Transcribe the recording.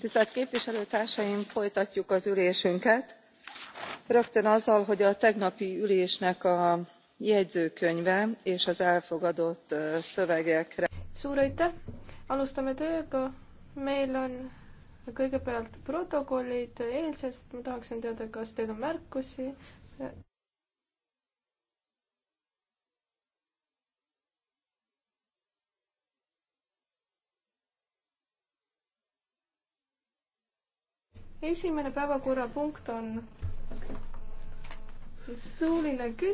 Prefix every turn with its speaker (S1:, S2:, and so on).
S1: tisztelt
S2: képviselőtársaim folytatjuk az ülésünket rögtön azzal hogy a tegnapi ülésnek a jegyzőkönyve és az elfogadott szövegekre.
S3: suur aitäh alustame tööga meil on kõigepealt protokollid eilsest ma tahaksin teada kas teil on märkusi?
S4: esimene päevakorrapunkt on
S5: suuline küsimus.